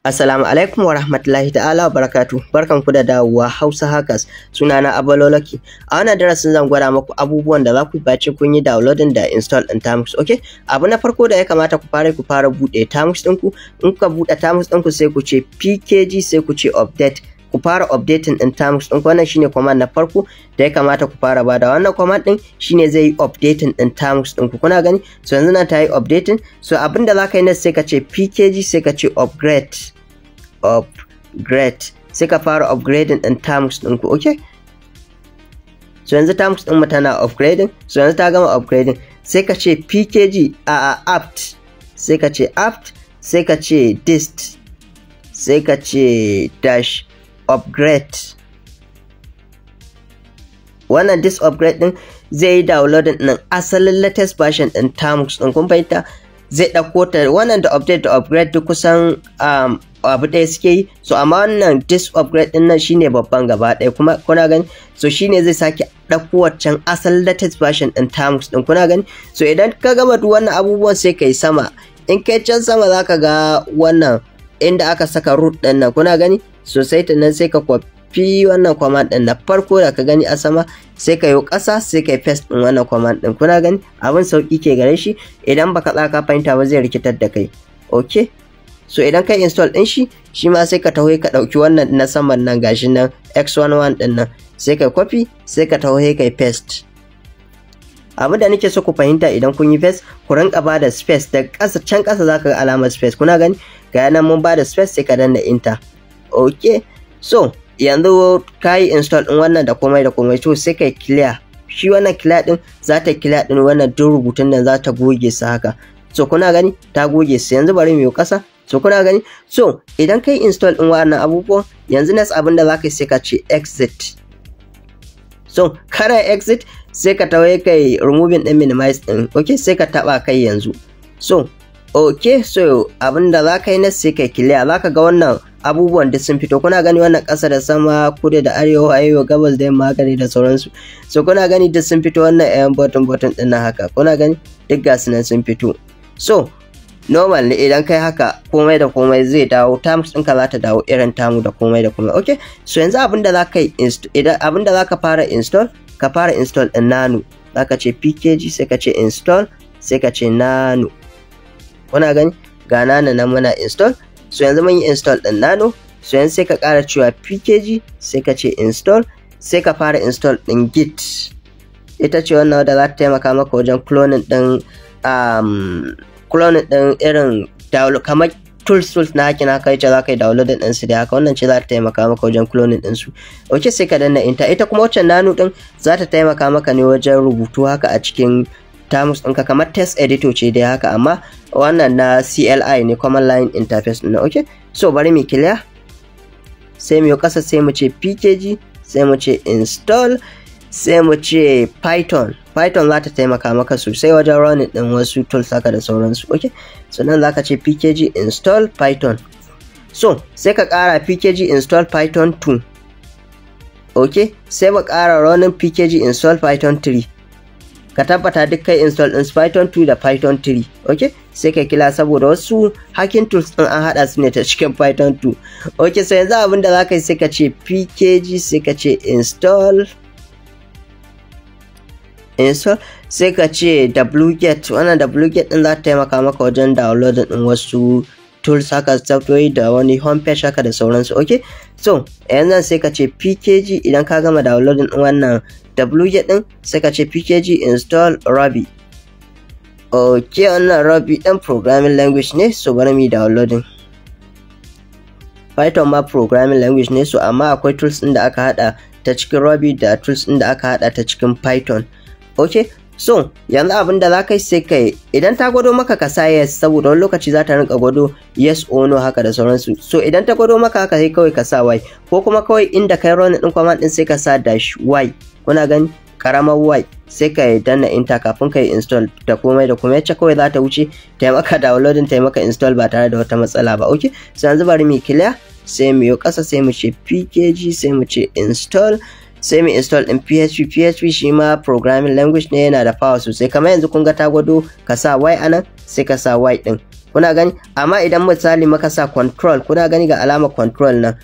Assalamu alaikum wa rahmatullahi ta'ala wa barakatu barkan ku da dawowa Hausa Hackers sunana na Abalolaki a wannan darasin zan gwada muku abubuwan da za ku bace kun yi downloading da install din tamus. okay abu na farko da ya kamata ku fara ku fara bude tamus ɗinku in ka bude tamus ɗinku sai ku ce PKG sai ku ce update ku fara updating din terms din wannan shine command na farko da ya kamata ku fara bada wannan command din shine zai yi updating din terms din ku kuna gani so yanzu na ta yi updating so abinda za yi next sai ka ce pkg sai ka ce upgrade upgrade sai ka fara upgrading din terms din ku okay so yanzu terms din mu tana upgrading so yanzu ta gama upgrading sai ka ce pkg a apt sai ka ce apt sai ka ce dist sai ka ce dash upgrade wannan disk upgrade din zai yi downloading din asalin latest version din tamux din kun fahimta zai ɗauko ta wannan da update da upgrade duk kusan um, abu ɗaya suke yi so amma wannan disk upgrade din nan shine babban gaba ɗaya kuma kuna gani so shine zai sake ɗauko waccan asalin latest version din tamux din kuna gani so idan ka gama duk wannan abubuwan sai kai sama in kai can sama zaka ga wannan inda aka saka root din nan kuna gani sosai ta nan sai ka kwafi wannan command din na farko da ka gani a sama sai ka yi ƙasa sai ka yi paste ɗin wannan command din. kuna gani abin sauki ke gare shi idan baka tsaka ka fahimta ba zai rikitar da kai okay so idan ka install ɗin shi shi ma sai ka taho ka ɗauki wannan na saman nan gashi nan x11 din nan sai ka copy sai ka taho ka paste abu da nake so ku fahimta idan kun yi paste ku rinka bada space da ƙasa can ƙasa zaka ga alamar space kuna gani ga nan mun bada space sai ka danna enter ok so yanzu ka yi install ɗin wannan da komai da komai to sai kai clear shi wannan clear ɗin za ta clear ɗin wannan duk rubutun nan za ta goge su haka so kuna gani ta goge su yanzu bari mu yi ƙasa so kuna gani so idan kai install ɗin wannan abubuwan yanzu next abin da za ka sai ka ce exit so kara exit sai ka tawaye kai removing ɗin minimize ɗin ok sai ka taɓa kai yanzu so ok so abinda za ka yi na sai ka kiliya za ka ga wannan abubuwan da sun fito kuna gani wannan ƙasa da sama kudu da arewa arewa gabas da yamma gari da sauransu so kuna gani da sun fito wannan yan bottom bottom din na haka kuna gani duk gasu nan sun fito so normal ne idan kai haka komai da komai zai dawo sun ka za ta dawo irin tamu da komai da komai ok so yanzu abinda za ka yi idan za ka fara install ka fara install din nano za ka ce pkg sai ka ce install sai ka ce nano kuna gani ga nana na muna install so yanzu mun yi install din nano so yanzu sai ka ƙara cewa pkg sai ka ce install sai ka fara install din git ita ce wannan wadda za ta taimaka maka wajen cloning din um, cloning din irin download kamar tools tools na haki kai ce za ka yi download din su da haka wannan ce za ta taimaka maka wajen cloning din su ok sai ka danna ita ita kuma wacce nano din za ta taimaka maka ne wajen rubutu haka a cikin tamus ɗinka kamar test editor ce dai haka amma wannan na CLI ne command line interface na okay so bari mu clear sai mu kasa sai mu ce pkg sai mu ce install sai mu ce python python za ta taimaka maka sosai wajen running din wasu tools haka da sauransu okay so nan zaka ce pkg install python so sai ka kara pkg install python 2 okay sai ba kara running pkg install python 3 ka tabbata duk kai install din python 2 da python 3 ok sai ka kila saboda wasu hacking tools din an hada su ne ta cikin python 2 ok so yanzu abin da za ka yi sai ka ce pkg sai ka ce install install sai ka ce wget wannan wget din za ta taimaka maka wajen downloading din wasu tools haka software da wani page haka da sauransu ok so yanzu sai ka ce pkg idan ka gama downloading wannan wget din sai ka ce pkg install ruby ok wannan ruby ɗan programming language ne so bari mu downloading python ma programming language ne so amma akwai tools ɗin da aka hada ta cikin ruby da tools ɗin da aka hada ta cikin python okay so yanzu abin da za ka yi sai kai idan ta gwado maka ka sa yes saboda wani lokaci za ta rinka gwado yes or no haka da sauransu so idan ta gwado maka haka sai kawai ka sa y ko kuma kawai inda kai run din command din sai ka sa dash y kuna gani karamar y sai ka danna enter kafin ka yi install da komai da komai ce kawai za ta wuce taimaka downloading taimaka install ba tare da wata matsala ba okay so yanzu bari mu clear sai mu yi kasa sai mu ce pkg sai mu ce install sai mu install din PHP PHP shi ma programming language ne yana da power sosai kamar yanzu kun ga ta gwado ka sa y anan sai ka sa y din kuna gani amma idan misali maka sa control kuna gani ga alama control nan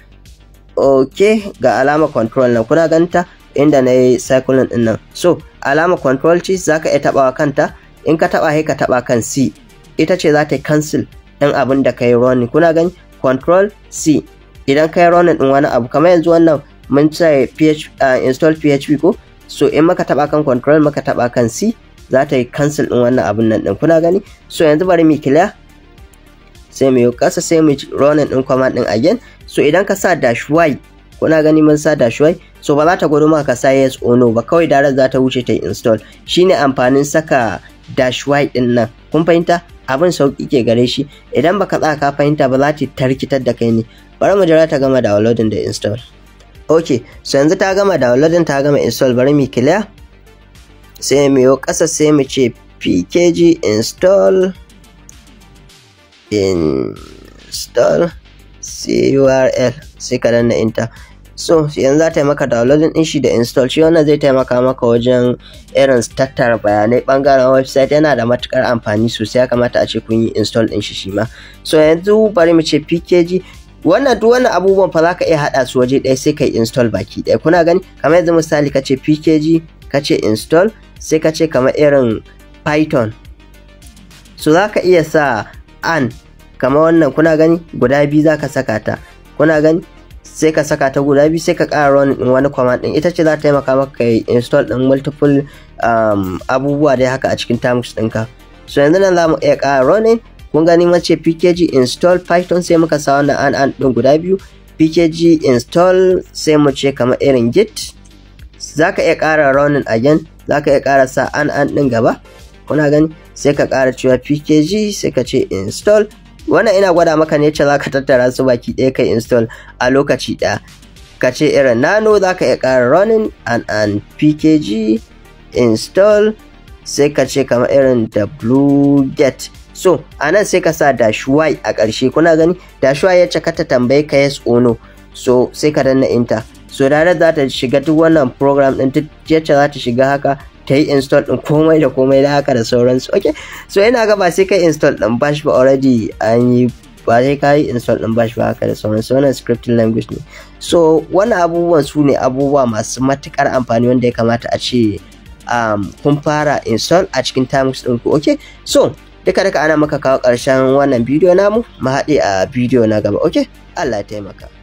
ok ga alama control nan kuna ganta inda na yi cycling din nan so alama control ce za ka iya tabawa kanta in ka taba ka taba kan c ita ce za ta cancel din abin da ka yi running kuna gani control c idan kai yi running din wani abu kamar yanzu wannan mun ce PH, uh, install PHP ko so in maka taba kan control maka taba kan C za ta yi cancel din wannan abun nan din kuna gani so yanzu bari mu clear sai mu yi sai mu run din command din again so idan ka sa dash y kuna gani mun sa dash y so ba za ta gwado maka sa yes or no ba kawai direct za ta wuce ta install shine amfanin saka dash y din nan kun fahimta abin sauki ke gare shi idan baka tsaka fahimta ba za ta tarkitar da kai ne bari mu jira ta gama downloading da install ok so yanzu ta gama downloading ta gama install bari mu clear sai mu yi ƙasa sai mu ce pkg install install curl sai ka danna enter so yanzu za ta yi maka downloading din shi da install shi wannan zai taimaka maka wajen irin tattara bayanai bangaren website yana da matukar amfani sosai ya kamata a ce kun yi install din shi shi ma so yanzu bari mu ce pkg wannan duk wannan abubuwan fa zaka iya haɗa su waje ɗaya sai kai install baki ɗaya kuna gani kamar yanzu misali kace pkg kace install sai kace kamar irin python so zaka iya sa an kamar wannan kuna gani guda biyu zaka saka ta kuna gani sai ka saka ta guda biyu sai ka ƙara run din wani command din ita ce za ta taimaka maka kai install din multiple um, abubuwa dai haka a cikin tamus ɗinka so yanzu nan za mu iya ƙara running kun gani mace pkg install python sai muka sa wannan an an din guda biyu pkg install sai mu ce kamar irin git zaka iya ƙara running again zaka iya ƙara sa an an din gaba kuna gani sai ka ƙara cewa pkg sai ka ce install wannan ina gwada maka ne ce zaka tattara su baki ɗaya kai install a lokaci ɗaya ka ce irin nano zaka iya ƙara running an an pkg install sai ka ce kamar irin wget so a nan sai ka sa dashuwai a ƙarshe kuna gani dashuwai ya caka ta tambaye ka yes or no so sai ka danna enter so direct za ta shiga duk wannan program din duk yacce za ta shiga haka ta yi install din komai da komai da haka da sauransu okay so ina ga ba sai ka install din bash ba already an yi ba sai ka yi install din bash ba haka da sauransu wannan scripting language ne so wannan abubuwan su ne abubuwa masu matukar amfani wanda ya kamata a ce um, kun fara install a cikin times ɗinku okay so duka duka ana maka kawo ƙarshen wannan bidiyo namu mu haɗe a bidiyo na gaba oke? Allah ya taimaka